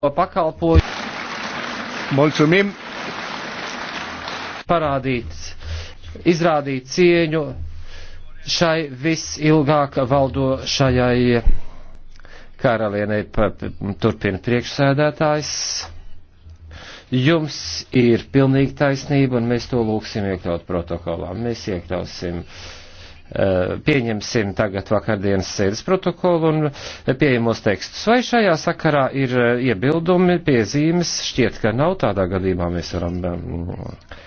pakalpoju. Mulțumim! Parādīt, izrādīt cieņu šai visilgāk valdošajai karalienei, turpina priekšsēdētājs. Jums ir pilnīgi taisnība, un mēs to lūksim iekļaut protokolā. Mēs iekļausim. Eh, pieņemsim tagad vakardienas sēdes protokolu un pieejamos tekstus. Vai šajā sakarā ir eh, iebildumi, piezīmes? Šķiet, ka nav. Tādā gadījumā mēs varam mm,